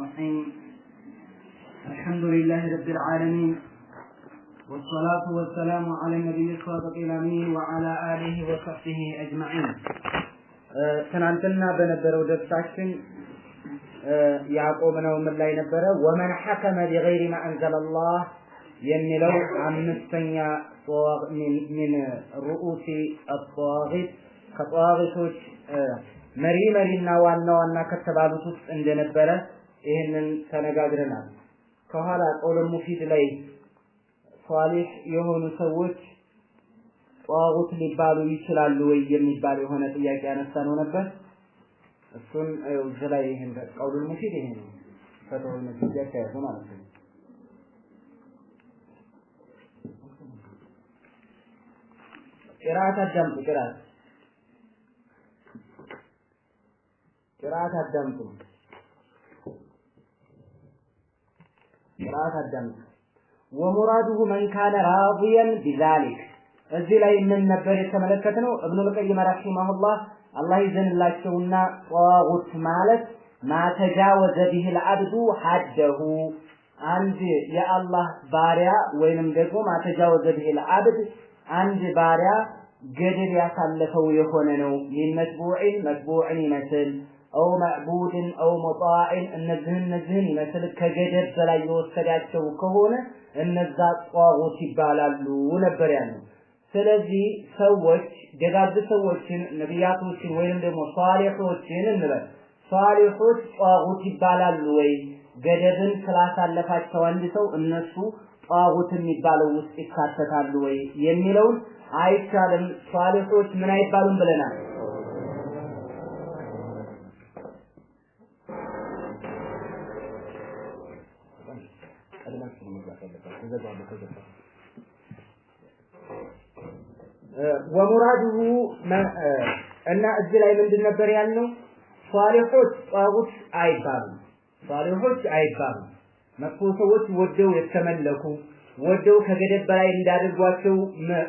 الرحيم الحمد لله رب العالمين والصلاة والسلام على النبي الصادق الأمين وعلى آله وصحبه أجمعين آه، تنعلمنا بنبرة ودفتاكين آه، يعقوبنا ومن لا ينبرة ومن حكم بغير ما أنزل الله ينلو عن مستنيا من رؤوس الطواغيت كطواغيتوش مري مري نوان نوان كتبابتوش عند نبره ይህንን ተነጋግረናል። ከኋላ ቀውለ ሙፊድ ላይ ሷሊህ የሆኑ ሰዎች ጧጉት ሊባሉ ይችላሉ ወይ የሚባል የሆነ ጥያቄ ያነሳ ነው ነበር። እሱን እዚህ ላይ ይህን ቀውሉል ሙፊድ ይሄ ነው ፈተውን ሲያያዝ ያዘ ማለት ነው። ቅራአት አዳምጡ። ቅራአት ቅራአት አዳምጡ። ሰዓት አዳምጡ። ወሙራዱሁ መን ካነ ራዲየን ቢዛሊክ እዚህ ላይ ምን ነበር የተመለከትነው? እብኑል ቀይም ረሒመሁላህ አላህ ይዘንላቸውና ጧጉት ማለት ማተጃወዘ ቢሂል አብዱ ሀደሁ አንድ የአላህ ባሪያ ወይንም ደግሞ ማተጃወዘ ቢሂል አብድ አንድ ባሪያ ገደብ ያሳለፈው የሆነ ነው። ሚን መትቡዕን መትቡዕን ይመስል አው ማዕቡድን አው መጣዕን እነዚህ እነዚህን ይመስል ከገደብ በላይ የወሰዳቸው ከሆነ እነዛ ጧጉት ይባላሉ ነበር ያለው። ስለዚህ ሰዎች ደጋግ ሰዎችን ነቢያቶችን ወይም ደግሞ ሷሊሖችን እንበል ሷሊሖች ጧጉት ይባላሉ ወይ? ገደብን ስላሳለፋቸው አንድ ሰው እነሱ ጧጉት የሚባለው ውስጥ ይካተታሉ ወይ የሚለውን አይቻልም። ሷሊሖች ምን አይባሉም ብለናል። እና እዚህ ላይ ምንድን ነበር ያልነው? ሷሊሖች ጧጉት አይባሉም። ሷሊሖች አይባሉም። መጥፎ ሰዎች ወደው የተመለኩ ወደው ከገደብ በላይ እንዳደርጓቸው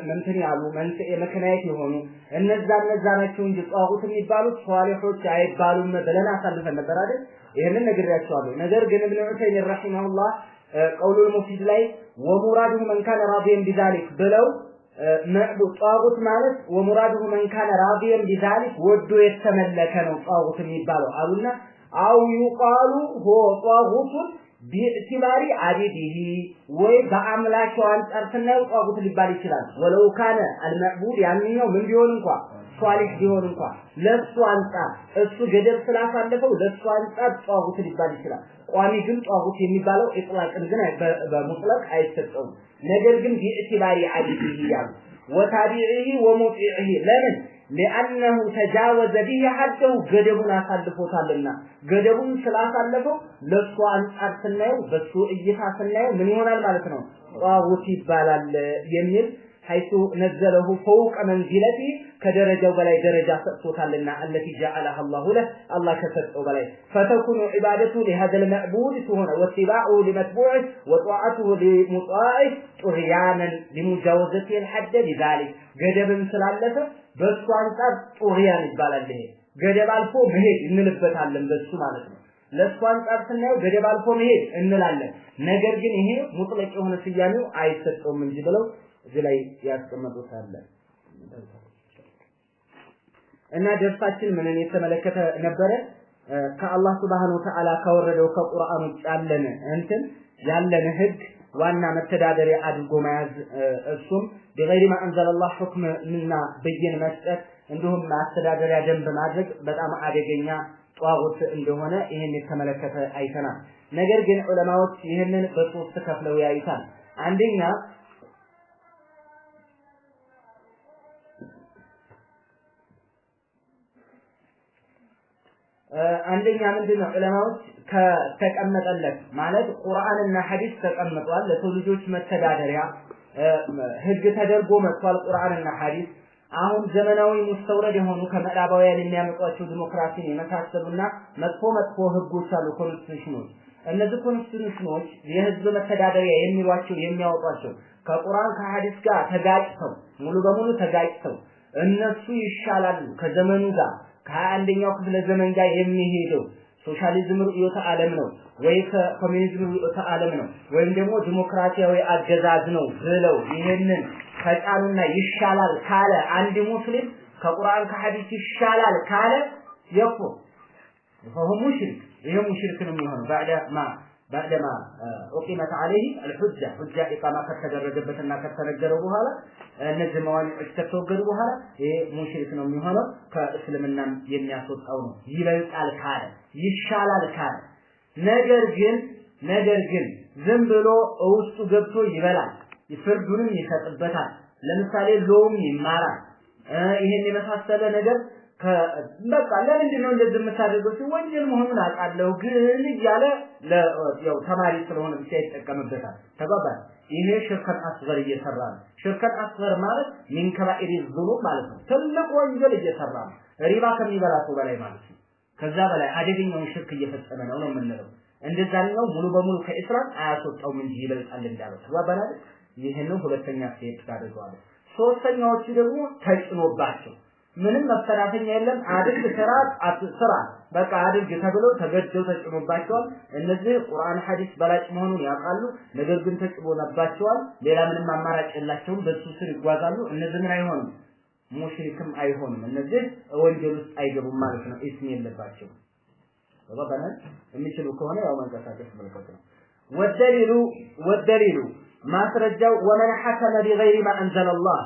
ምንትን ያሉ መንስኤ ምክንያት የሆኑ እነዛ እነዛ ናቸው እንጂ ጧጉት የሚባሉት ሷሊሖች አይባሉም ብለን አሳልፈን ነበር አይደል? ይህንን ነግሬያቸዋለሁ። ነገር ግን እብን ዑሰይሚን ረሒመሁላህ ቀውሉል ሙፊድ ላይ ወሙራዱሁ መን ራዲየን ቢዛሊክ ብለው መዕቡድ ጣዖት ማለት ወሙራዱሁ መን ካነ ራዲየን ቢዛሊክ ወዶ የተመለከ ነው ጣዖት የሚባለው አሉና አው ይቃሉ ሆ ጣዖቱን ቢዕትባሪ አቢዲሂ ወይ በአምላቸው አንጻር ስናየው ጣዖት ሊባል ይችላል። ወለው ካነ አልመዕቡድ ያንኛው ምን ቢሆን እንኳ ሷሊህ ቢሆን እንኳ ለሱ አንጻር እሱ ገደብ ስላሳለፈው ለሱ አንጻር ጣዖት ሊባል ይችላል። ቋሚ ግን ጧጉት የሚባለው ኢጥላቅን ግን በሙጥለቅ አይሰጠውም። ነገር ግን ቢዕትባሪ አሊሂ ያሉ ወታቢዒሂ ወሙጢዒሂ ለምን ሊአነሁ ተጃወዘ ቢሂ ሐደሁ ገደቡን አሳልፎታልና ገደቡን ስላሳለፈው ለእሱ አንጻር ስናየው በሱ እይታ ስናየው ምን ይሆናል ማለት ነው ጧጉት ይባላል የሚል ሐይቱ ነዘለሁ ፈውቀ መንዚለቲ ከደረጃው በላይ ደረጃ ሰጥቶታልና አለቲ ጀዐለሃ አላሁ ለህ አላህ ከሰጠው በላይ ፈተኩኑ ዒባደቱ ሊሃዘል መዕቡድ ትሆነ ወትባዑሁ ሊመትቡዕህ ወጧዓቱሁ ሊሙጣዕህ ጡርያነን ሊሙጃወዘቲ ልሐደ ሊዛሊክ ገደብም ስላለፈ በእሱ አንጻር ጡርያን ይባላል ይሄ ገደብ አልፎ መሄድ እንልበታለን በሱ ማለት ነው ለእሱ አንጻር ስናየው ገደብ አልፎ መሄድ እንላለን ነገር ግን ይሄ ሙጥለቅ የሆነ ስያሜው አይሰጠውም እንጂ ብለው እዚህ ላይ ያስቀመጡት አለ እና ደርሳችን ምንን የተመለከተ ነበረ? ከአላህ ሱብሃነሁ ወተዓላ ካወረደው ከቁርአን ውጭ ያለን እንትን ያለን ህግ ዋና መተዳደሪያ አድርጎ መያዝ እሱም ቢገይሪ ማ አንዘለላህ ሁክም እና ብይን መስጠት እንዲሁም ማስተዳደሪያ ደንብ ማድረግ በጣም አደገኛ ጧጉት እንደሆነ ይህን የተመለከተ አይተናል። ነገር ግን ዑለማዎች ይህንን በሶስት ከፍለው ያዩታል። አንደኛ አንደኛ ምንድን ነው ዑለማዎች ከተቀመጠለት ማለት ቁርአንና ሐዲስ ተቀምጧል፣ ለሰው ልጆች መተዳደሪያ ህግ ተደርጎ መጥቷል። ቁርአንና ሐዲስ አሁን ዘመናዊ ሙስተውረድ የሆኑ ከምዕራባውያን የሚያመጧቸው ዲሞክራሲን የመሳሰሉና መጥፎ መጥፎ ህጎች አሉ፣ ኮንስቲቱሽኖች። እነዚህ ኮንስቲቱሽኖች የህዝብ መተዳደሪያ የሚሏቸው የሚያወጧቸው ከቁርአን ከሐዲስ ጋር ተጋጭተው ሙሉ በሙሉ ተጋጭተው እነሱ ይሻላሉ ከዘመኑ ጋር ከአንደኛው ክፍለ ዘመን ጋር የሚሄደው ሶሻሊዝም ርዕዮተ ዓለም ነው ወይ ከኮሚኒዝም ርዕዮተ ዓለም ነው ወይም ደግሞ ዲሞክራሲያዊ አገዛዝ ነው ብለው ይህንን ከጫኑና ይሻላል ካለ አንድ ሙስሊም ከቁርአን ከሐዲስ ይሻላል ካለ የኩ ፈሁ ሙሽሪክ ይሄ ሙሽሪክ ነው የሚሆነው ማ ባዕደማ ኡቂመት አለይህ አልሑጃ ሁጃ ኢቃማ ከተደረገበትና ከተነገረው በኋላ እነዚህ መዋኒዎች ከተወገዱ በኋላ ይሄ ሙሽሪክ ነው የሚሆነው ከእስልምናም የሚያስወጣው ነው። ይበልጣል ካለ ይሻላል ካለ ነገር ግን ነገር ግን ዝም ብሎ ውስጡ ገብቶ ይበላል፣ ፍርዱንም ይሰጥበታል። ለምሳሌ ሎሚ ይማራል፣ ይሄን የመሳሰለ ነገር በቃ ለምንድን ነው እንደዚህ የምታደርገው? ወንጀል መሆኑን አውቃለሁ ግን እያለ ያው ተማሪ ስለሆነ ብቻ ይጠቀምበታል። ተባባል። ይሄ ሽርከን አስበር እየሰራ ነው። ሽርከን አስበር ማለት ሚን ከባኢሪ ዙኑብ ማለት ነው። ትልቅ ወንጀል እየሰራ ነው። ሪባ ከሚበላ ሰው በላይ ማለት ነው። ከዛ በላይ አደገኛውን ሽርክ እየፈጸመ ነው ነው የምንለው። እንደዛኛው ሙሉ በሙሉ ከኢስላም አያስወጣውም እንጂ ይበልጣል እንዳለው ተባባል። ይህንን ሁለተኛ ስቴፕ ታደርገዋለህ። ሶስተኛዎቹ ደግሞ ተጭኖባቸው ምንም መፈናፈኛ የለም። አድርግ ስራ ስራ በቃ አድርግ ተብሎ ተገደው ተጭኖባቸዋል። እነዚህ ቁርአን ሐዲስ በላጭ መሆኑን ያውቃሉ። ነገር ግን ተጭኖባቸዋል። ሌላ ምንም አማራጭ የላቸውም። በሱ ስር ይጓዛሉ። እነዚህ ምን አይሆኑም፣ ሙሽሪክም አይሆኑም። እነዚህ ወንጀል ውስጥ አይገቡም ማለት ነው። ኢስም የለባቸው ወበነ የሚችሉ ከሆነ ያው መንቀሳቀስ መልከት ነው። ወደሊሉ ወደሊሉ ማስረጃው ወመን ሐከመ ቢገይሪ ማ አንዘለላህ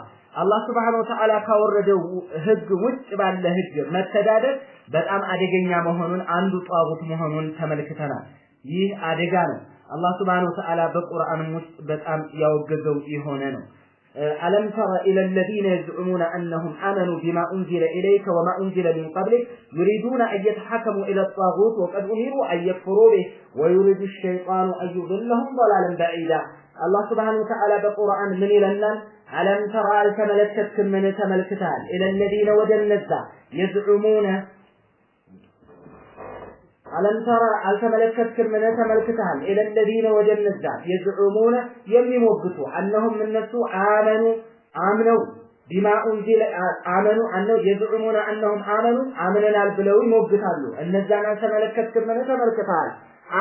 አላህ ስብሐነሁ ወተዓላ ካወረደው ህግ ውጭ ባለ ህግ መተዳደር በጣም አደገኛ መሆኑን አንዱ ጧጉት መሆኑን ተመልክተናል። ይህ አደጋ ነው። አላህ ስብሐነሁ ወተዓላ በቁርአንም ውስጥ በጣም ያወገዘው የሆነ ነው። ألم تر إلى الذين يزعمون أنهم آمنوا بما أنزل إليك وما أنزل من قبلك يريدون أن يتحكموا إلى الطاغوت وقد أمروا أن يكفروا به ويريد الشيطان أن يضلهم ضلالا بعيدا الله سبحانه وتعالى بقرآن من إلى النار አለም ተራ አልተመለከትክምን? ተመልክተሃል። ኢለለዚነ ወደ እነዛ የዝዑሙነ አለም ተራ አልተመለከትክምን? ተመልክተሃል። ኢለለዚነ ወደ እነዛ የዝዑሙነ የሚሞግቱ አነሁም እነሱ አመኑ አምነው ቢማ ኡንዚለ አመኑ አነው የዝዑሙነ አነሁም አመኑ አምነናል ብለው ይሞግታሉ። እነዛን አልተመለከትክምን? ተመልክተሃል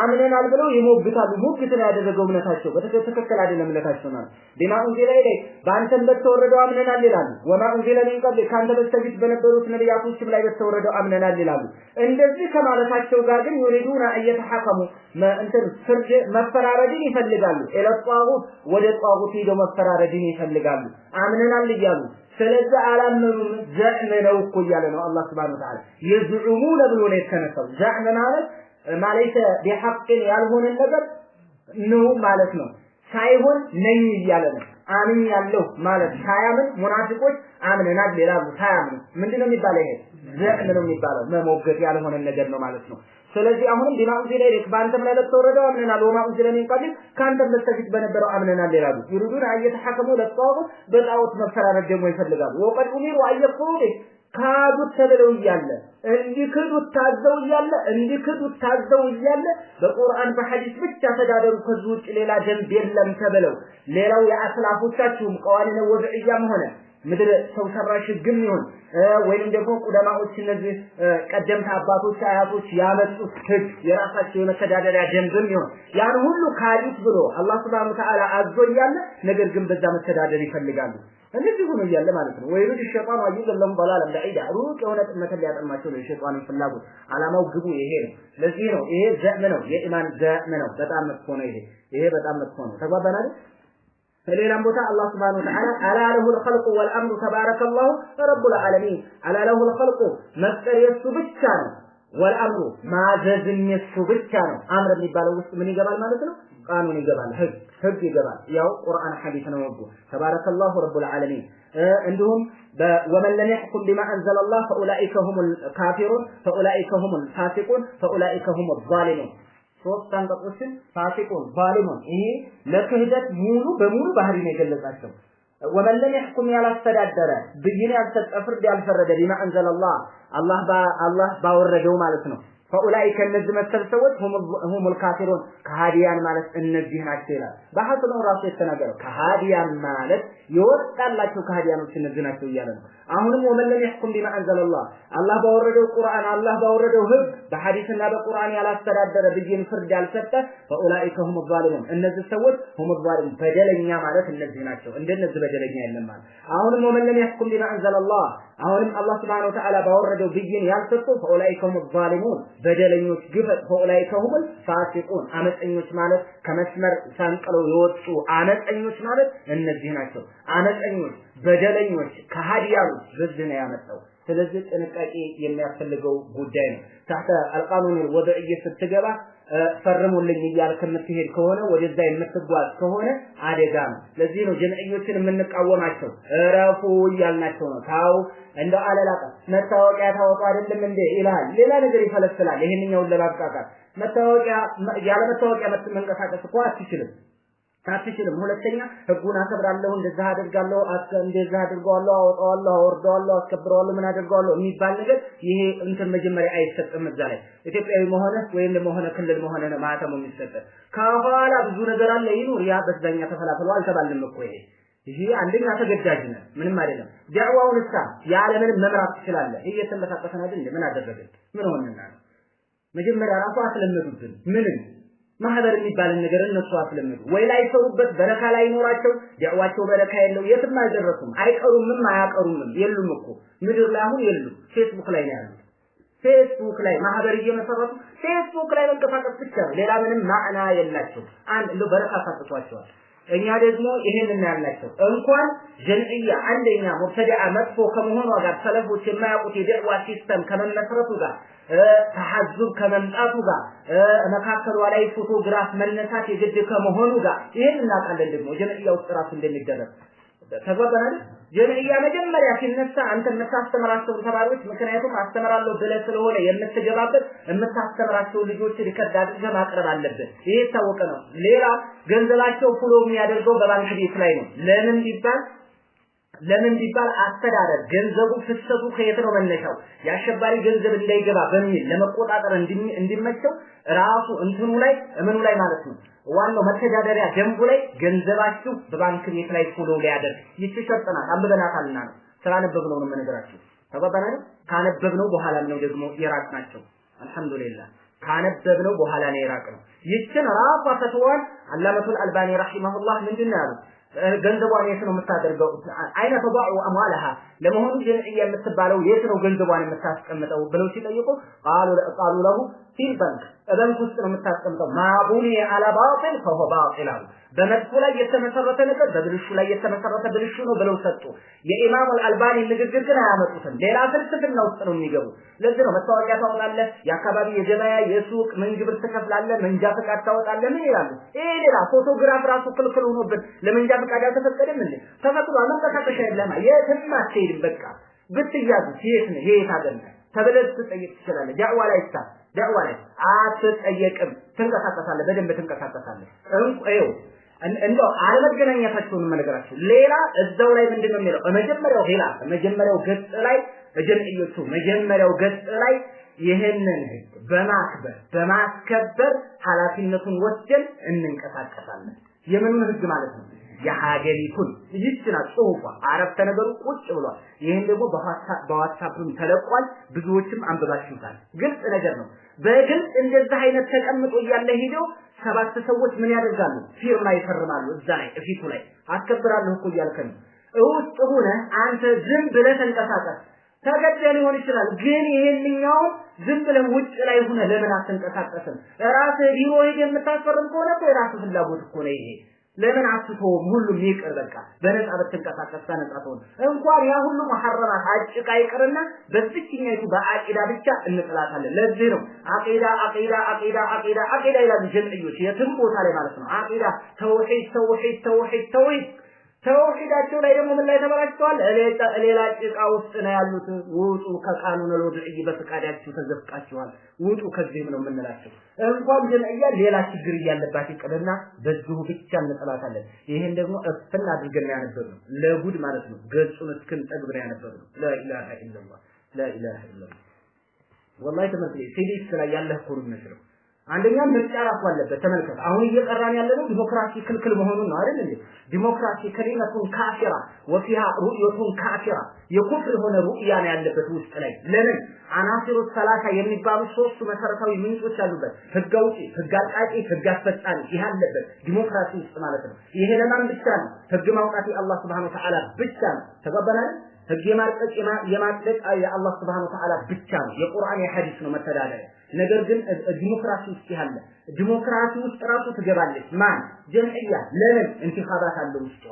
አምነናል ብለው ይሞግታሉ። ሙግት ነው ያደረገው እምነታቸው በትክክል አይደለም እምነታቸው ማለት ዲና ኡንዚላ ላይ በአንተም በተወረደው አምነናል ይላሉ። ወማ ኡንዚላ ሚን ቀብል ከአንተ በስተፊት በነበሩት ነቢያቶችም ላይ በተወረደው አምነናል ይላሉ። እንደዚህ ከማለታቸው ጋር ግን ዩሪዱና እየተሐከሙ እንትን ፍርድ መፈራረድን ይፈልጋሉ። ኤለጧጉት ወደ ጧጉት ሄደው መፈራረድን ይፈልጋሉ። አምነናል እያሉ ስለዚህ አላመኑም። ዘዕም ነው እኮ እያለ ነው አላህ ሱብሓነሁ ወተዓላ የዝዑሙነ ለብሎ ነው የተነሳው። ዘዕም ማለት ማለይተ ቢሐቅን ያልሆነን ነገር ነው ማለት ነው። ሳይሆን ነኝ እያለ ነው። አምኛለሁ ማለት ሳያምን ሙናፊቆች አምነናል ሌላ ሳያምኑ ምንድነው የሚባለው? ይሄ ዘዕም ነው የሚባለው። መሞገት ያልሆነን ነገር ነው ማለት ነው። ስለዚህ አሁንም ቢማ ኡንዚለ ኢለይክ በአንተም ላይ ለተወረደው አምነናል፣ ወማ ኡንዚለ ሚን ቀብሊክ ከአንተም ለተፊት በነበረው አምነናል ይላሉ። ይሩዱን አየተሐከሙ ለጣዖት በጣዖት መፈራረድ ደግሞ ይፈልጋሉ። ወቀድ ኡሚሩ አየኩሩ ካዱት ተብለው እያለ እንዲክዱት ታዘው እያለ እንዲክዱት ታዘው እያለ በቁርአን በሐዲስ ብቻ ተዳደሩ፣ ከዚህ ውጭ ሌላ ደንብ የለም ተብለው ሌላው የአስላፎቻችሁም ቀዋኒነ ወድዕያም ሆነ ምድር ሰው ሰራሽ ህግም ይሁን ወይንም ደግሞ ቁለማዎች እነዚህ ቀደምት አባቶች አያቶች ያመጡት ህግ የራሳቸው የመተዳደሪያ ደንብም ይሁን ያን ሁሉ ካሊፍ ብሎ አላህ ስብሐነ ወተዓላ አዞ እያለ ነገር ግን በዛ መተዳደር ይፈልጋሉ። እነዚህ ሆኖ እያለ ማለት ነው። ወይሩድ ሸይጣን ወይሩድ ለሁም በላለም በዒዳ ሩቅ የሆነ ጥመትን ሊያጠማቸው ነው። የሸይጣንን ፍላጎት አላማው ግቡ ይሄ ነው። ለዚህ ነው ይሄ ዘዕም ነው፣ የኢማን ዘዕም ነው። በጣም መጥፎ ነው። ይሄ ይሄ በጣም መጥፎ ነው። ተግባባን አይደል? በሌላም ቦታ አላህ ስብሓነሁ ወተዓላ አላ ለሁ ልኸልቁ ወልአምሩ ተባረከላሁ ረቡል ዓለሚን አላ ለሁ ልኸልቁ መፍጠር የእሱ ብቻ ነው ወልአምሩ ማዘዝም የሱ ብቻ ነው። አምር የሚባለው ውስጥ ምን ይገባል ማለት ነው? ቃኑን ይገባል፣ ህግ ህግ ይገባል። ያው ቁርአን ሐዲስ ነው ህጉ። ተባረከላሁ ረቡል ዓለሚን። እንዲሁም ወመን ለም የሕኩም ቢማ አንዘለላህ ፈኡላኢከ ሁሙል ካፊሩን ፈኡላኢከ ሁሙል ፋሲቁን ፈኡላኢከ ሁሙል ዛሊሙን ሶስት አንቀጾችን ፋሲቁን ዛሊሙን ይሄ ለክህደት ሙሉ በሙሉ ባህሪ ነው የገለጻቸው። ወመን ለም የሕኩም ያላስተዳደረ ብይን ያልሰጠ ፍርድ ያልፈረደ ቢማ አንዘለላህ አላህ ባወረደው ማለት ነው ፈኡላኢከ እነዚህ መሰል ሰዎች ሁሙል ካፊሩን ከሃዲያን ማለት እነዚህ ናቸው ይላል። በሐሱ ነው ራሱ የተናገረው። ከሃዲያን ማለት የወጣላቸው ከሃዲያኖች እነዚህ ናቸው እያለ ነው። አሁንም ወመን ለም የሕኩም ቢማ አንዘለላህ አላህ ባወረደው ቁርአን አላህ ባወረደው ህግ በሐዲስና በቁርአን ያላስተዳደረ ብይን ፍርድ ያልሰጠ ፈኡላኢከ ሁሙ ዛሊሙን እነዚህ ሰዎች ሁሙ ዛሊሙን በደለኛ ማለት እነዚህ ናቸው። እንደነዚህ በደለኛ የለም ማለት አሁንም ወመን ለም የሕኩም ቢማ አንዘለላህ አሁንም አላህ ሱብሓነሁ ወተዓላ ባወረደው ብይን ያልሰጡ ፈኡላኢከ ሁሙ ዛሊሙን በደለኞች ግፈት ሆላይ ከሁም ፋሲቁን አመፀኞች ማለት ከመስመር ሰንቅለው የወጡ አመፀኞች ማለት እነዚህ ናቸው። አመፀኞች፣ በደለኞች፣ ከሀዲያሉ በዚህ ነው ያመጣው። ስለዚህ ጥንቃቄ የሚያስፈልገው ጉዳይ ነው። ታህተ አልቃኑን ወደእየ ስትገባ ፈርሙልኝ እያልክ የምትሄድ ከሆነ ወደዛ የምትጓዝ ከሆነ አደጋ ነው። ለዚህ ነው ጀምዕዮችን የምንቃወማቸው። እረፉ እያልናቸው ነው። ታው እንደ አለላቀ መታወቂያ ታወጡ አይደለም እንዴ ይላል። ሌላ ነገር ይፈለስላል። ይሄንኛውን ለማብቃቃት መታወቂያ ያለ መታወቂያ መንቀሳቀስ እኮ አትችልም። አትችልም። ሁለተኛ ህጉን አከብራለሁ፣ እንደዛ አደርጋለሁ፣ እንደዛ አድርገዋለሁ፣ አወጣዋለሁ፣ አወርደዋለሁ፣ አስከብረዋለሁ፣ ምን አድርገዋለሁ የሚባል ነገር ይሄ እንትን መጀመሪያ አይሰጥም። እዛ ላይ ኢትዮጵያዊ መሆነ ወይም ደግሞ ሆነ ክልል መሆነ ነው ማህተሙ የሚሰጥ። ከኋላ ብዙ ነገር አለ ይኑር። ያ በዛኛ ተፈላፈሉ አልተባልንም እኮ ይሄ ይሄ አንደኛ ተገዳጅ ነው፣ ምንም አይደለም። ዳዕዋውን እሳ ያለምንም መምራት ትችላለህ። ይሄ እየተንቀሳቀሰን አይደል? ምን አደረግን? ምን ሆነና ነው መጀመሪያ ራሱ አስለመዱብን ምንም ማህበር የሚባልን ነገር እነሱ አስለመዱ። ወይ ላይ ሰሩበት በረካ ላይ ኖራቸው ያዋቸው በረካ የለው የትም አልደረሱም። አይቀሩምም አያቀሩምም የሉም እኮ ምድር ላይ አሁን የሉም። ፌስቡክ ላይ ነው ያሉት። ፌስቡክ ላይ ማህበር እየመሰረቱ ፌስቡክ ላይ መንቀሳቀስ ብቻ ነው። ሌላ ምንም ማዕና የላቸው። አንድ እንደው በረካ ሳጥቷቸዋል። እኛ ደግሞ ይሄን እናያልናቸው እንኳን ጀምዕያ አንደኛ ሙብተዲዓ መጥፎ ከመሆኗ ጋር ሰለፎች የማያውቁት የደዕዋ ሲስተም ከመመስረቱ ጋር ተሐዙብ ከመምጣቱ ጋር መካከሏ ላይ ፎቶግራፍ መነሳት የግድ ከመሆኑ ጋር ይሄን እናውቃለን። ደግሞ ጀምዕያ ውስጥ ራሱ እንደሚደረግ ተግባባን አይደል? ጀምዕያ መጀመሪያ ሲነሳ አንተ የምታስተምራቸውን ተማሪዎች ምክንያቱም አስተምራለሁ ብለህ ስለሆነ የምትገባበት የምታስተምራቸውን ልጆች ሪከርድ አድርገህ ማቅረብ አለብን። ይሄ የታወቀ ነው። ሌላ ገንዘባቸው ፉሎ የሚያደርገው በባንክ ቤት ላይ ነው። ለምን ቢባል ለምን ቢባል አስተዳደር ገንዘቡ ፍሰቱ ከየት ነው መነሻው የአሸባሪ ገንዘብ እንዳይገባ በሚል ለመቆጣጠር እንዲመቸው ራሱ እንትኑ ላይ እምኑ ላይ ማለት ነው ዋናው መተዳደሪያ ደንቡ ላይ ገንዘባችሁ በባንክ ቤት ላይ ፎሎ ሊያደርግ ይተሸጠናል አንብበናታልና ነው ስላነበብነው ነው የምነግራችሁ ተባባናል ካነበብነው በኋላ ነው ደግሞ የራቅ ናቸው አልহামዱሊላህ ካነበብነው በኋላ ነው የራቅ ነው ይችን ራሷ ፈትዋን አላመቱል አልባኒ ረሂመሁላህ ምንድነው ያሉት ገንዘቧን የት ነው የምታደርገው? አይነ ተባዑ አማላሃ ለመሆኑ የምትባለው የት ነው ገንዘቧን የምታስቀምጠው ብለው ሲጠይቁ ቃሉ ቃሉ ለሁ ፊል ባንክ ባንክ ውስጥ ነው የምታስቀምጠው። ማቡኒ አላ ባጢል ፈሆ ባጢል አሉ። በመጥፎ ላይ የተመሰረተ ነገር በብልሹ ላይ የተመሰረተ ብልሹ ነው ብለው ሰጡ። የኢማም አልአልባኒ ንግግር ግን አያመጡትም። ሌላ ፍልስፍና ውስጥ ነው የሚገቡ። ለዚህ ነው መታወቂያ ታወጣለህ፣ የአካባቢ የገበያ የሱቅ ምን ትከፍላለህ፣ መንጃ ፈቃድ ታወጣለህ፣ ምን ይላሉ። ይሄ ሌላ ፎቶግራፍ ራሱ ክልክል ሆኖብን ለመንጃ ፈቃድ አልተፈቀደም እንዴ? ተፈቅዷል። መንቀሳቀሻ የለማ የትም አትሄድም። በቃ ብትያዙ የት ነህ የት አገኘህ ተብለህ ትጠይቅ ትችላለህ። ዳዕዋ ላይ ይታ ደዕዋ ነች፣ አትጠየቅም። ትንቀሳቀሳለህ፣ በደንብ ትንቀሳቀሳለህ። እንቁ እንደው አለመገናኘታቸውንም ነገራቸው። ሌላ እዛው ላይ ምንድን ነው የሚለው? መጀመሪያው ሌላ መጀመሪያው ገጽ ላይ በጀምዕዮቹ መጀመሪያው ገጽ ላይ ይህንን ህግ በማክበር በማስከበር ኃላፊነቱን ወስደን እንንቀሳቀሳለን። የምን ህግ ማለት ነው? የሀገሪቱን ይህች ናት ጽሁፏ አረፍተ ነገሩ ቁጭ ብሏል። ይህም ደግሞ በዋትሳፕም ተለቋል። ብዙዎችም አንብባችሁታል። ግልጽ ነገር ነው። በግልጽ እንደዛ አይነት ተቀምጦ እያለ ሄደው ሰባት ሰዎች ምን ያደርጋሉ? ፊርማ ይፈርማሉ። እዛ ላይ እፊቱ ላይ አስከብራለሁ እኮ እያልከን ውስጥ ሆነህ አንተ ዝም ብለህ ተንቀሳቀስ። ተገደ ሊሆን ይችላል፣ ግን ይሄንኛውን ዝም ብለን ውጭ ላይ ሆነ ለምን አትንቀሳቀስም? ራስህ ቢሮ ሄደህ የምታስፈርም ከሆነ እኮ የራስህ ፍላጎት እኮ ነው ይሄ ለምን አትተውም? ሁሉም ይቅር በቃ በነፃ ብትንቀሳቀስ በነፃ ትሆን። እንኳን ያ ሁሉ መሐረማት አጭቃ ይቅርና በዚችኛይቱ በአቂዳ ብቻ እንጥላታለን። ለዚህ ነው አቂዳ አቂዳ አቂዳ አቂዳ አቂዳ ይላሉ ጀምዕዮች የትም ቦታ ላይ ማለት ነው። አቂዳ ተውሂድ ተውሂድ ተውሂድ ተውሂድ ተውሂዳቸው ላይ ደግሞ ምን ላይ ተበላሽተዋል? ሌላ ጭቃ ውስጥ ነው ያሉት። ውጡ ከቃኑን ለውድዕይ በፍቃዳችሁ ተዘፍቃችኋል፣ ውጡ ከዚህም ነው የምንላቸው። እንኳን ጀምዕያ ሌላ ችግር እያለባት ይቅርና በዚሁ ብቻ እንጥላታለን። ይህን ደግሞ እፍን አድርገን ያነበብ ነው ለጉድ ማለት ነው። ገጹን እስክንጠግብ ነው ያነበብ ነው። ላኢላሃ ኢለላህ ላኢላሃ ኢለላህ ወላሂ ትምህርት ቤት ሲዲስ ላይ ያለህ እኮ ነው አንደኛ ምርጫ ራሱ አለበት። ተመልከት፣ አሁን እየቀራን ነው ዲሞክራሲ ክልክል መሆኑን ነው አይደል እንዴ? ዲሞክራሲ ከሊመቱን ካፊራ ወፊሃ ሩእየቱን ካፊራ የኩፍር የሆነ ሩእያ ነው ያለበት ውስጥ ላይ ለምን አናሲሩ ሰላሳ የሚባሉ ሶስቱ መሰረታዊ ምንጮች አሉበት። ህግ አውጪ፣ ህግ አቃቂ፣ ህግ አስፈጻሚ ይህ አለበት ዲሞክራሲ ውስጥ ማለት ነው። ይሄ ለማን ብቻ ነው? ህግ ማውጣት የአላህ ስብሐነ ወተዓላ ብቻ ነው። ተቀበላል ህግ የማርቀቅ የማጽደቅ የአላህ ስብሐነ ወተዓላ ብቻ ነው። የቁርአን የሐዲስ ነው መተዳደሪያ ነገር ግን ዲሞክራሲ ውስጥ ያለ ዲሞክራሲ ውስጥ ራሱ ትገባለች። ማን ጀምዕያ ለምን እንቲኻባት አለ ውስጧ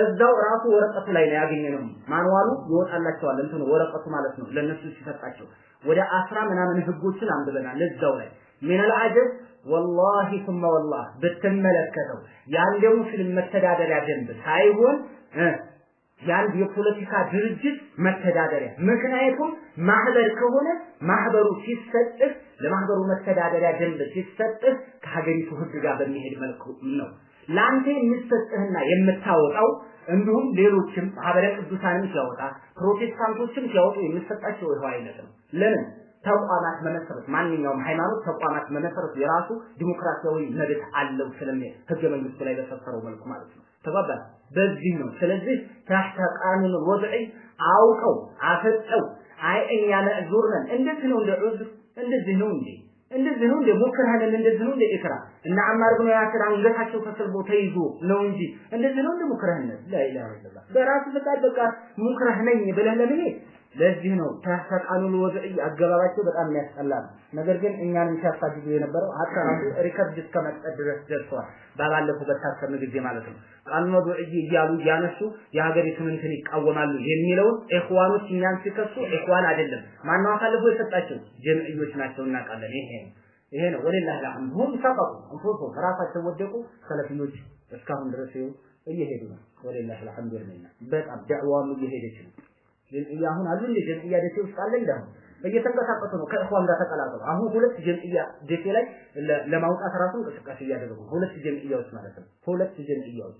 እዛው ራሱ ወረቀቱ ላይ ነው ያገኘነው። ማንዋሉ ይወጣላቸዋል እንትኑ ወረቀቱ ማለት ነው ለነሱ ሲሰጣቸው ወደ አስራ ምናምን ህጎችን አንብበናል እዛው ላይ ምን አጀብ ወላሂ ثم ወላሂ ብትመለከተው የአንድ ሙስሊም መተዳደሪያ ደንብ ሳይሆን የአንድ የፖለቲካ ድርጅት መተዳደሪያ። ምክንያቱም ማህበር ከሆነ ማህበሩ ሲሰጥህ ለማህበሩ መተዳደሪያ ደንብ ሲሰጥህ ከሀገሪቱ ህግ ጋር በሚሄድ መልኩ ነው። ለአንተ የሚሰጥህና የምታወጣው እንዲሁም ሌሎችም ማህበረ ቅዱሳንም ሲያወጣ ፕሮቴስታንቶችም ሲያወጡ የሚሰጣቸው ይኸው አይነት ነው። ለምን ተቋማት መመሰረት ማንኛውም ሃይማኖት ተቋማት መመሰረት የራሱ ዲሞክራሲያዊ መብት አለው ስለሚል ህገ መንግስቱ ላይ በሰፈረው መልኩ ማለት ነው። ተግባባል። በዚህ ነው። ስለዚህ ታህተ ቃኑን ወድዒ አውቀው አፈጠው አይ እኛ መዕዙር ነን። እንደዚህ ነው እንደ ዑዝር እንደዚህ ነው እንዴ እንደዚህ ነው እንደ ሞክረህልን እንደዚህ ነው እንደ ኢክራ እና አማር ብን ያስር አንገታቸው ከስልቦ ተይዞ ነው እንጂ እንደዚህ ነው እንደ ሞክረህልን ላኢላሃ ኢለላህ በራሱ ፈቃድ በቃ ሙክረህ ነኝ ብለህ ለምን ለዚህ ነው ተፈቃሉን ወገይ አገባባቸው በጣም የሚያስጠላ ነው። ነገር ግን እኛንም ሲያሳድዱ የነበረው ሀታ ራሱ ሪከርድ እስከመቅጠት ድረስ ደርሷል። ባላለፉ በታሰብ ጊዜ ማለት ነው። ቃሉን ወገይ እያሉ እያነሱ የሀገሪቱን እንትን ይቃወማሉ የሚለውን ኢኽዋኖች እኛን ሲከሱ ኢኽዋን አይደለም ማነው አሳልፎ የሰጣቸው ጀምዕዮች ናቸው። እናውቃለን። ይሄ ነው ይሄ ነው ወለላህ ለሐምድ ሁም ሰቀጡ እንፎሶ ራሳቸው ወደቁ። ሰለፊዎች እስካሁን ድረስ ይኸው እየሄዱ ነው። ወለላህ ለሐምድ ወርነኛ በጣም ዳዕዋም እየሄደች ነው። ጀምዕያ አሁን አሉ እንደ ጀምዕያ ደሴ ውስጥ አለ እንዳሁን እየተንቀሳቀሱ ነው። ከእኳም ጋር ተቀላቀሉ። አሁን ሁለት ጀምዕያ ደሴ ላይ ለማውጣት ራሱ እንቅስቃሴ እያደረጉ ሁለት ጀምዕያዎች ማለት ነው። ሁለት ጀምዕያዎች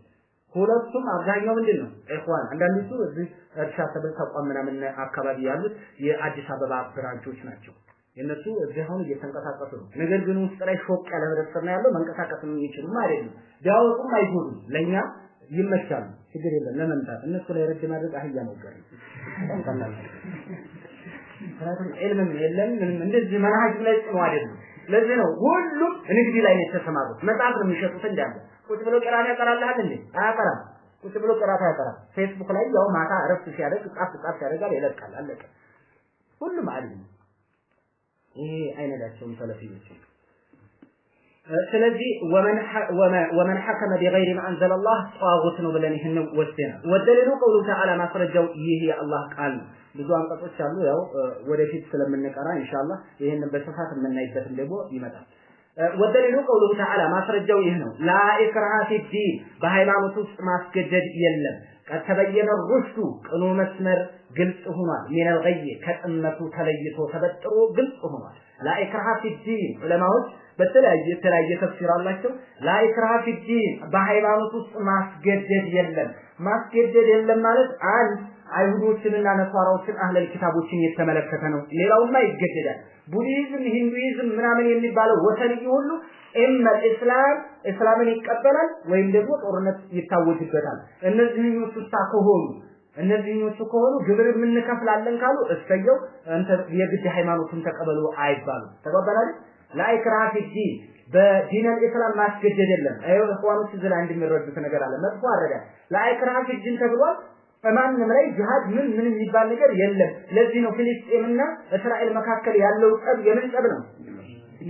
ሁለቱም አብዛኛው ምንድን ነው ኢኽዋን፣ አንዳንዶቹ እዚህ እርሻ ሰብል ተቋም ምናምን አካባቢ ያሉት የአዲስ አበባ ብራንቾች ናቸው። የነሱ እዚህ አሁን እየተንቀሳቀሱ ነው። ነገር ግን ውስጥ ላይ ሾቅ ያለ ህብረተሰብ ነው ያለው። መንቀሳቀስ የሚችሉም አይደሉም። ቢያወጡም አይጎዱም፣ ለእኛ ይመቻሉ። ችግር የለም ለመምጣት እነሱ ላይ ረድ ማድረግ አህያ መውገር ምክንያቱም ዕልምም የለም ምንም እንደዚህ ላይ ጽኑ አይደለም ነው ሁሉም ንግድ ላይ ነው የተሰማሩት መጽሐፍ ነው የሚሸጡት እንዳለ ቁጭ ብሎ ቅራት ያቀራልሃል እንዴ አያቀራም ቁጭ ብሎ ቅራት አያቀራም ፌስቡክ ላይ ያው ማታ እረፍት ሲያደርግ ጻፍ ጻፍ ይለቃል አለቀ ሁሉም ይሄ አይነዳቸውም ሰለፊዎች سلزي ومن وما... ومن حكم بغير ما انزل الله طاغوت وبلن يهن وسنا والدليل قوله تعالى ما فرجوا يه الله قال بزو انقطع شالو ياو ودفيت سلمنا قرا ان شاء الله يهن بسفات من نايبت ديبو يمتا والدليل قوله تعالى ما فرجوا يه لا اكراه في الدين بهاي ما مسجد يلم قد تبين الرشد قلو مسمر قلت هما من الغي كأنه تليتو تبترو قلت هما لا اكراه في الدين علماء በተለያየ የተለያየ ተፍሲር አላቸው። ላኢክራሃ ፊዲን በሃይማኖት ውስጥ ማስገደድ የለም። ማስገደድ የለም ማለት አንድ አይሁዶችንና ነሳራዎችን አህለል ኪታቦችን የተመለከተ ነው። ሌላውማ ይገደዳል። ቡዲዝም፣ ሂንዱይዝም ምናምን የሚባለው ወሰንይ ሁሉ እመ እስላም እስላምን ይቀበላል ወይም ደግሞ ጦርነት ይታወጅበታል። እነዚህኞቹ ሳ ከሆኑ እነዚህኞቹ ከሆኑ ግብር የምንከፍላለን ካሉ እሰየው፣ የግድ ሃይማኖትን ተቀበሉ አይባሉ። ተቀበላለች ላይክራህ ፊዲን በዲነል ኢስላም ማስገደድ የለም። አዩ እخوانዎች ላይ እንደሚረዱት ነገር አለ። መጥፎ አረዳድ ላይክራህ ፊዲን ተብሏል። በማንም ላይ ጅሃድ ምን ምን የሚባል ነገር የለም። ለዚህ ነው ፍልስጤምና እስራኤል መካከል ያለው ጸብ የምን ጸብ ነው?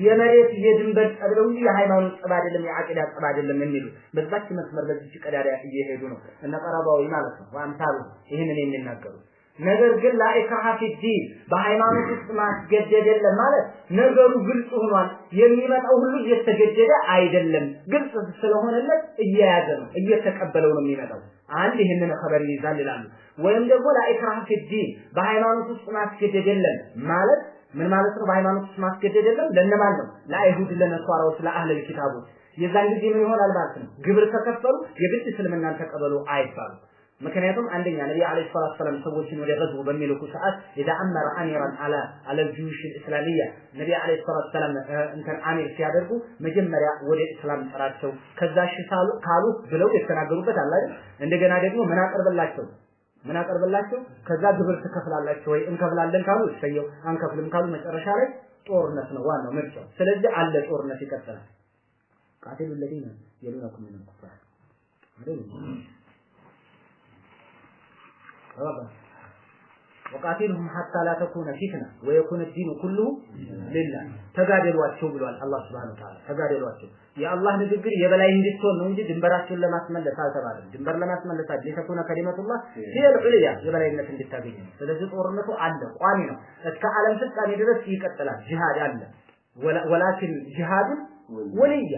የመሬት የድንበር ጸብ ነው እንጂ የሃይማኖት ጸብ አይደለም፣ የአቂዳ ጸብ አይደለም የሚሉ በዛች መስመር በዚች ቀዳዳ እየሄዱ ነው እነ ቀረባዊ ማለት ነው። ዋምታሉ ይህንን የሚናገሩት ነገር ግን ላኢክራሃ ፊዲን በሃይማኖት ውስጥ ማስገደድ የለም ማለት ነገሩ ግልጽ ሆኗል። የሚመጣው ሁሉ እየተገደደ አይደለም፣ ግልጽ ስለሆነለት እየያዘ ነው እየተቀበለው ነው የሚመጣው። አንድ ይህንን ኸበር ይይዛል ይላሉ። ወይም ደግሞ ላኢክራሃ ፊዲን በሃይማኖት ውስጥ ማስገደድ የለም ማለት ምን ማለት ነው? በሃይማኖት ውስጥ ማስገደድ የለም ለነማን ነው? ለአይሁድ፣ ለነሷራዎች፣ ለአህለል ኪታቦች የዛን ጊዜ ምን ይሆናል ማለት ነው? ግብር ከከፈሉ የግድ እስልምናን ተቀበሉ አይባሉም። ምክንያቱም አንደኛ ነቢ አለይሂ ሰላቱ ሰላም ሰዎችን ወደ ገዝቡ በሚልኩ ሰዓት ኢዛ አመረ አሚራን አላ አለ ጁሽ እስላሚያ ነቢ አለይሂ ሰላቱ ሰላም እንትን አሚር ሲያደርጉ መጀመሪያ ወደ እስላም ጥራቸው ከዛ እሺ ካሉ ብለው የተናገሩበት አለ አይደል እንደገና ደግሞ ምን አቀርበላቸው ምን አቀርበላቸው ከዛ ግብር ትከፍላላችሁ ወይ እንከፍላለን ካሉ እሰየው አንከፍልም ካሉ መጨረሻ ላይ ጦርነት ነው ዋናው ምርጫው ስለዚህ አለ ጦርነት ይቀጥላል ቃቴሉ ለዲና የሉናኩም ምን ኩፋር አይደል ወቃቲልሁም ሐታ ላ ተኩነ ፊትና ወየኩነ ዲኑ ኩሉ ሊላህ ተጋደሏቸው ብሏል አላህ ሱብሓነሁ ወተዓላ። ተጋደሏቸው የአላህ ንግግር የበላይ እንድትሆን ነው እንጂ ድንበራቸውን ለማስመለስ አልተባለም። ድንበር ለማስመለስ ሊተኩነ ከሊመቱላህ ሂየ ልዑልያ የበላይነት እንድታገኝ ነው። ስለዚህ ጦርነቱ አለ፣ ቋሚ ነው። እስከ ዓለም ፍጻሜ ድረስ ይቀጥላል። ጂሃድ አለ። ወላኪን ጂሃዱን ወልያ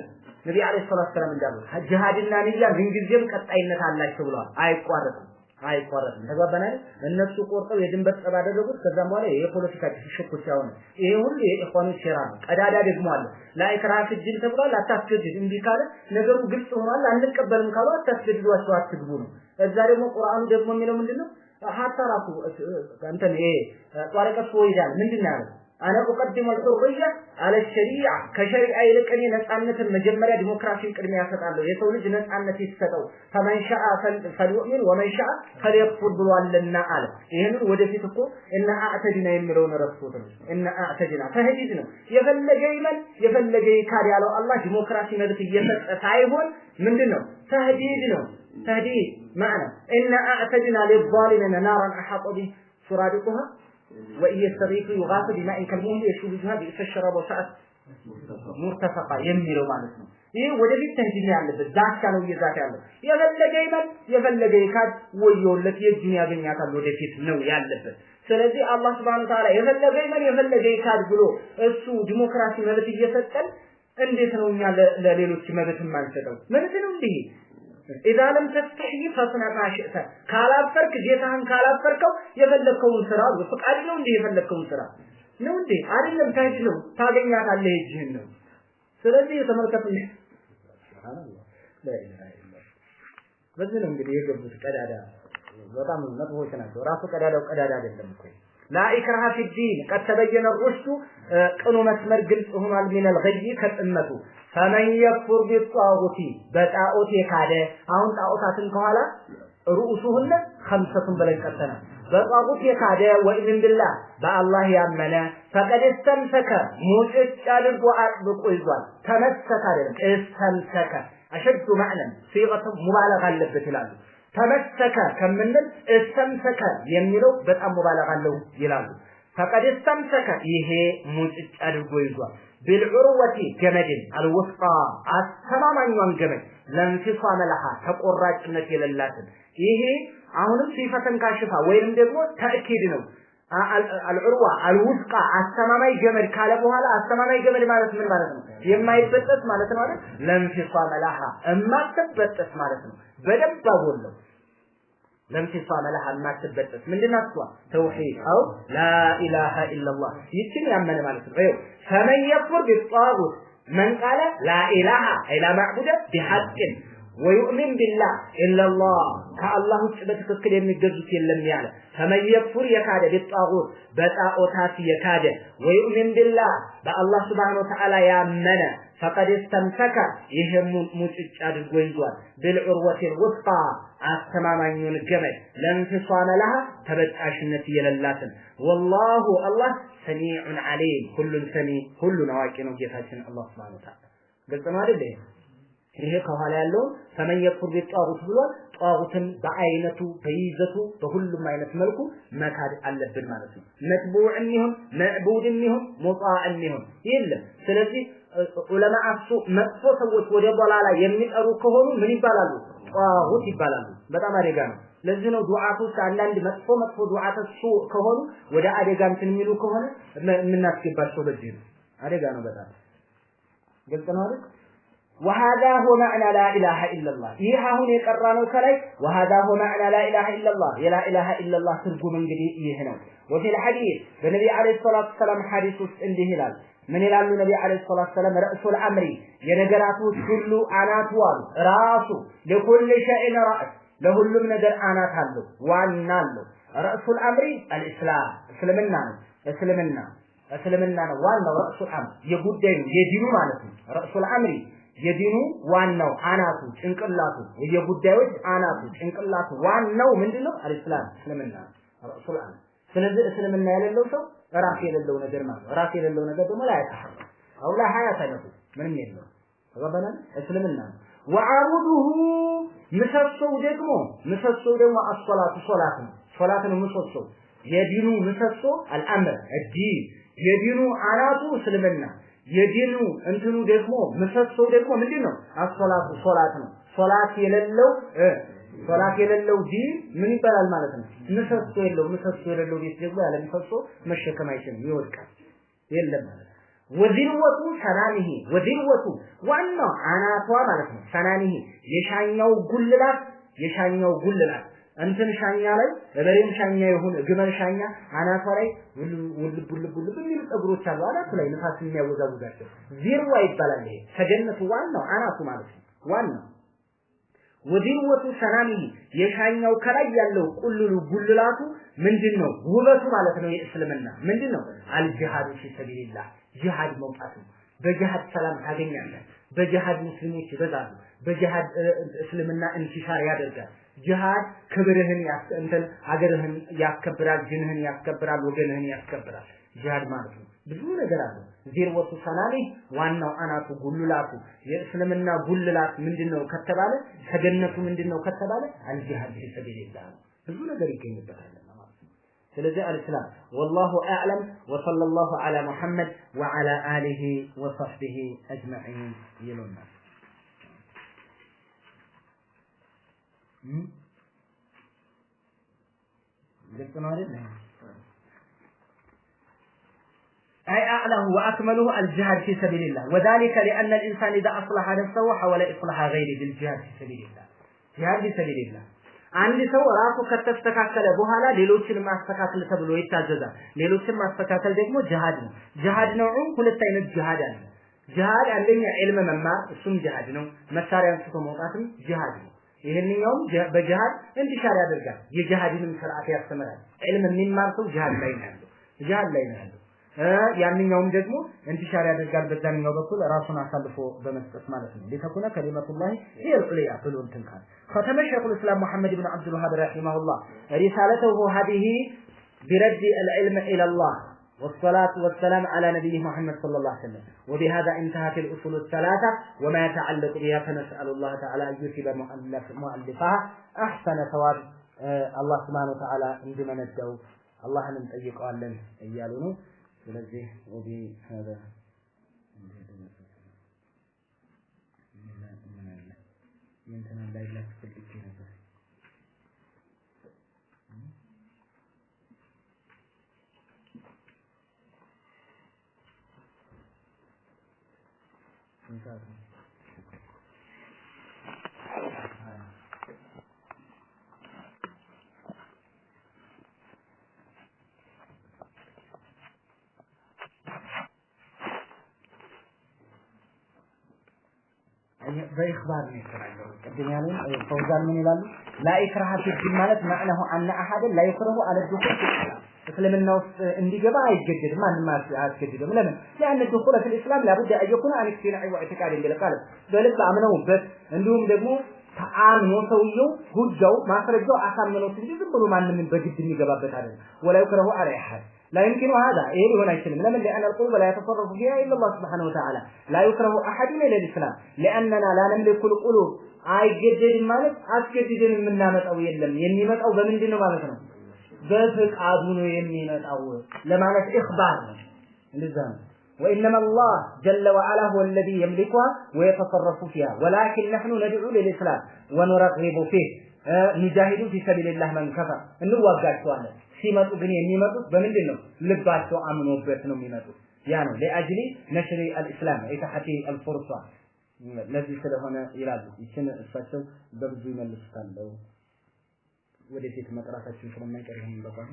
ነቢ ዓለይሂ ሰላቱ ወሰላም እንዳሉት ጂሃድና ንያ ምንጊዜም ቀጣይነት አላቸው ብለዋል። አይቋረጥም። አይቆረጥም። ተግባባናል። እነሱ ቆርጠው የድንበር ጠብ አደረጉት። ከዛም በኋላ የፖለቲካ ሽኩቻ ሆነ። ይሄ ሁሉ የኢኮኖሚ ሴራ ነው። ቀዳዳ ደግሞ አለ። ላይክራህ ፊዲን ተብሏል። አታስገድድ። እምቢ ካለ ነገሩ ግልጽ ሆኗል። አንቀበልም ካሉ አታስገድዷቸው፣ አትግቡ ነው። እዛ ደግሞ ቁርአኑ ደግሞ የሚለው ምንድነው? ሀታ ራሱ እንትን ይሄ ጧሪቀ ሶይዳል ምንድን ነው ያለው? أنا أقدم الحرية على الشريعة كشريعة يلكني نسألنا في المجمرة ديمقراطية كرمية ستعلو يقول لجي نسألنا في السدو فمن شاء فليؤمن ومن أن فليقفض بلو على لنا على إهن الودى في تقو إن أعتدنا يمرون رسوطا إن أعتدنا فهديدنا يفل جيما يفل جي كاري على الله أن مدفي يفتعيبون من دنو فهديدنا فهديد معنى إن أعتدنا للظالمين نارا أحاط أن سرادقها ወእየ ሰሪቱ ይጋሱ ቢማኢን ከልሙህሊ የሹብ ቢእሰ ሸራበው ሰዓት ሙርተፈቃ የሚለው ማለት ነው። ይህ ወደፊት ተህዲያ ያለበት ዛቻ ነው፣ እየዛቻ ያለው የፈለገ ይመል የፈለገ ይካድ ወየውለት የእጁን ያገኛታል ወደፊት ነው ያለበት። ስለዚህ አላህ ስብሐነሁ ወተዓላ የፈለገ ይመል የፈለገ ይካድ ብሎ እሱ ዲሞክራሲ መብት እየሰጠን እንዴት ነው እኛ ለሌሎች መብት የማንሰጠው? መብት ነው እንዲህ ኢዛ ለም ተስተሕይ ፈስና ማ ካላፈርክ ጌታህን ካላፈርከው የፈለግከውን ስራ ፍቃድ ነው እንዴ የፈለግከውን ስራ ነው እንዴ አይደለም ታች ታገኛታለህ እጅህን ነው ስለዚህ የተመልከቱ በዚህ ነው እንግዲህ የገቡት ቀዳዳ በጣም መጥፎች ናቸው ራሱ ቀዳዳው ቀዳዳ አይደለም እኮ ላኢክራሃ ፊዲን ቀድ ተበየነ ሩሽዱ ቅኑ መስመር ግልጽ ሆኗል። ሚነል ገይ ከጥመቱ ፈመን የክፉር ቢጣዖቲ በጣዖት የካደ አሁን ጣዖታትን ከኋላ ሩኡሱሁነ ከምሰቱን ብለን ቀጠናል። በጣዖት የካደ ወኢዝን ቢላህ በአላህ ያመነ ፈቀድ እስተምሰከ ሙጭጭ አድርጎ አጥብቆ ይዟል። ተመሰከ አይደለም እስተምሰከ አሸዱ ማዕነን ሲቀቱ ሙባለግ አለበት ይላሉ። ተመሰከ ከምንል እስተምሰከ የሚለው በጣም ሙባለግ ይላሉ። ፈቀድ እስተምሰከ ይሄ ሙጭጭ አድርጎ ይዟል። ቢልዑርወቲ ገመድን አልውስጣ አስተማማኟን ገመድ ለንፊሷ መላሃ ተቆራጭነት የሌላትን ይሄ አሁንም ሲፈተን ካሽፋ ወይም ደግሞ ተእኪድ ነው አልዑርዋ አልውስቃ አስተማማይ ገመድ ካለ በኋላ አስተማማይ ገመድ ማለት ምን ማለት ነው? የማይበጠስ ማለት ነው አይደል? ለምፊሳ መላሃ እማትበጠስ ማለት ነው። በደንብ አጎለው ለምፊሳ መላሃ እማትበጠስ ምንድን እሷ? ተውሂድ አው ላኢላሃ ኢላላህ ይችን ያመነ ማለት ነው። ይኸው ፈመን የክፍር ቢጣጉት መን ቃለ ላኢላሃ አይላ ማዕቡደ ቢሐቅን ወዩእሚን ቢላህ ኢለላህ ከአላህ ውጭ በትክክል የሚገዙት የለም ያለ ፈመን የክፉር የካደ ቢጣዖት በጣዖታት የካደ ወዩእሚን ቢላህ በአላህ ስብሓነ ወተዓላ ያመነ ፈቀድ እስተምሰከ ይህም ሙጭጭ አድርጎ ይዟል ብልዑርወቲል ውስጣ አስተማማኙን ገመድ ለእንፍሷመ ለሃ ተበጣሽነት የሌላትን ወላሁ አላህ ሰሚዑን ዓሊም ሁሉን ሰሚ ሁሉን አዋቂ ነው ጌታችን አላህ ስብሓነ ወተዓላ ግልጽ ነው አይደል ይሄ ከኋላ ያለውን ፈመን የክፍር ቢጣዖት ብሏል። ጣዖትን በአይነቱ በይዘቱ በሁሉም አይነት መልኩ መካድ አለብን ማለት ነው። መጥቡዕም ይሁን መዕቡድም ይሁን ሙጣዕም ይሁን የለም። ስለዚህ ዑለማ አሱ መጥፎ ሰዎች ወደ በላላ የሚጠሩ ከሆኑ ምን ይባላሉ? ጣዖት ይባላሉ። በጣም አደጋ ነው። ለዚህ ነው ዱዓት ውስጥ አንዳንድ መጥፎ መጥፎ ዱዓት እሱ ከሆኑ ወደ አደጋ እንትን የሚሉ ከሆነ የምናስገባቸው ለዚህ ነው። አደጋ ነው በጣም ግልጽ ነው አይደል? ወሃዛ ሆ ማዕና ላኢላሃ ኢለላህ ይህ አሁን የቀራ ነው ከላይ ወሃዛ ሆ ማዕና ላኢላሃ ኢለላህ የላኢላሃ ኢለላህ ትርጉም እንግዲህ ይህ ነው ወፊል ሐዲስ በነቢ ዓለይሂ ሰላቱ ሰላም ሐዲስ ውስጥ እንዲህ ይላል ምን ይላሉ ነቢ ዓለይሂ ሰላቱ ሰላም ረእሱል አምሪ የነገራቶች ሁሉ አናቱ አሉ ራሱ ለኩል ሸይን ራእስ ለሁሉም ነገር አናት አለው ዋና አለው ረእሱል አምሪ አልእስላም እስልምና ነው እስልምና እስልምና ነው ዋናው ረእሱል አምሪ የጉዳዩ የዲኑ ማለት ነው ረእሱል አምሪ የዲኑ ዋናው አናቱ ጭንቅላቱ የጉዳዮች አናቱ ጭንቅላቱ ዋናው ምንድነው? አልእስላም እስልምና ረሱል አለ። ስለዚህ እስልምና የሌለው ሰው ራስ የሌለው ነገር ማለት ራስ የሌለው ነገር ደግሞ ላይ ተሐረ አው ላይ ሀያት ምንም የለው ተባባለ እስልምና ወአሩዱሁ ምሰሶው ደግሞ ምሰሶው ደግሞ አሶላቱ ሶላት ነው። ሶላት ነው ምሰሶው የዲኑ ምሰሶ አልአምር እዲ የዲኑ አናቱ እስልምና የዲኑ እንትኑ ደግሞ ምሰሶው ደግሞ ምንድን ነው? አሶላቱ ሶላት ነው። ሶላት የሌለው ሶላት የሌለው ዲን ምን ይባላል ማለት ነው? ምሰሶ የለው። ምሰሶ የሌለው ቤት ደግሞ ያለ ምሰሶ መሸከም አይችልም፣ ይወድቃል። የለም ማለት ነው። ወዚልወቱ ሰናኒሂ ወዚልወቱ ዋናው አናቷ ማለት ነው። ሰናኒሂ የሻኛው ጉልላት የሻኛው ጉልላት እንትን ሻኛ ላይ በበሬም ሻኛ የሆነ ግመል ሻኛ አናቷ ላይ ውልብ ውልብ ውልብ የሚሉ ጸጉሮች አሉ። አናቱ ላይ ንፋስ የሚያወዛውዛቸው ዚርዋ ይባላል። ይሄ ከጀነቱ ዋናው አናቱ ማለት ነው። ዋናው ወዲርወቱ ሰናሚ የሻኛው ከላይ ያለው ቁልሉ ጉልላቱ ምንድን ነው? ውበቱ ማለት ነው። የእስልምና ምንድን ነው? አልጂሃዱ ፊ ሰቢልላህ ጂሃድ መውጣት ነው። በጂሃድ ሰላም ታገኛለህ። በጂሃድ ሙስሊሞች ይበዛሉ። በጂሃድ እስልምና እንቲሻር ያደርጋል። ጅሃድ ክብርህን እንትን ሀገርህን ያከብራል ጅንህን ያከብራል ወገንህን ያስከብራል። ጅሃድ ማለት ነው። ብዙ ነገር አለ። ዜርወቱ ሰላሌ ዋናው አናቱ ጉልላቱ የእስልምና ጉልላት ምንድነው ከተባለ ተገነቱ ምንድነው ከተባለ አልጂሃድ ፊሰቢልላህ ነው። ብዙ ነገር ይገኝበታል ማለት ነው። ስለዚህ አልእስላም ወላሁ አዕለም ወሰለላሁ ዐላ ሙሐመድ ወዐላ አሊሂ ወሰሕቢሂ አጅመዒን ይሉናል። ግልጽ ነው አይደል? أي أعلاه وأكمله الجهاد في سبيل الله وذلك لأن الإنسان إذا أصلح نفسه حاول إصلاح غيره بالجهاد في ጂሃድ ቢሰቢል ላ አንድ ሰው ራሱ ከተስተካከለ በኋላ ሌሎችን ማስተካከል ተብሎ ይታዘዛል። ሌሎችን ማስተካከል ደግሞ ጂሃድ ነው። ጂሃድ ነው ሁለት አይነት ጂሃድ አለ። ጂሃድ አንደኛ ዒልም መማር እሱም ጂሃድ ነው። መሳሪያ አንስቶ መውጣትም ጂሃድ ነው። ይህንኛውም በጅሃድ እንዲሻል ያደርጋል። የጅሃድንም ስርዓት ያስተምራል። ዕልም የሚማር ሰው ጅሃድ ላይ ነው ያለው፣ ጅሃድ ላይ ነው ያለው። ያንኛውም ደግሞ እንዲሻል ያደርጋል። በዛኛው በኩል ራሱን አሳልፎ በመስጠት ማለት ነው። ሊተኩነ ከሊመቱላሂ ሂል ዑልያ ብሎ እንትን ካለ ختم شيخ الاسلام محمد بن عبد الوهاب رحمه الله رسالته هذه برد العلم والصلاة والسلام على نبيه محمد صلى الله عليه وسلم وبهذا انتهت الأصول الثلاثة وما يتعلق بها فنسأل الله تعالى أن يثب مؤلفها أحسن ثواب آه، الله سبحانه وتعالى عندما ندعو الله من طيب أيق علم أيالنا ونزه وبهذا من تنال لا يلاك في الإكتنا بس بإخبار من الدنيا لنا فوزان من الله لا إكره في الدين مالت معناه أن أحد لا يكره على الدخول في الإسلام فلما الناس اندي جبا يتجدد ما ما يتجدد من لمن لأن الدخول في الإسلام لابد أن يكون عن اقتناع واعتقاد إلى قال ذلك بأمنه بس عندهم دمو تعامل وسويه جوجو ما خرجوا أحسن من وسويه زي ما من بجد اللي جبا بتعلم ولا يكره على أحد لا يمكن هذا إيه هنا يسلم لما لأن القلوب لا يتصرف فيها إلا الله سبحانه وتعالى لا يكره أحد من الإسلام لأننا لا نملك القلوب አይገደድም ማለት አስገድደን የምናመጣው የለም أو በምንድን ነው ማለት ነው በፍቃዱ ነው የሚመጣው أو لما ነው إخبار لزام وإنما الله جل وعلا هو الذي يملكها ويتصرف فيها ولكن نحن ندعو للإسلام ونرغب فيه آه، نجاهد في سبيل الله من كفر እንዋጋቸዋለን ሲመጡ ግን የሚመጡት በምንድን ነው? ልባቸው አምኖበት ነው የሚመጡት። ያ ነው ለአጅሊ ነሽሪ አልእስላም ኢታሐቲ አልፎርሷ ለዚህ ስለሆነ ይላሉ። ይችን እሳቸው በብዙ ወደ ወደፊት መጥራታችን ስለማይቀር ይሁን በቋሚ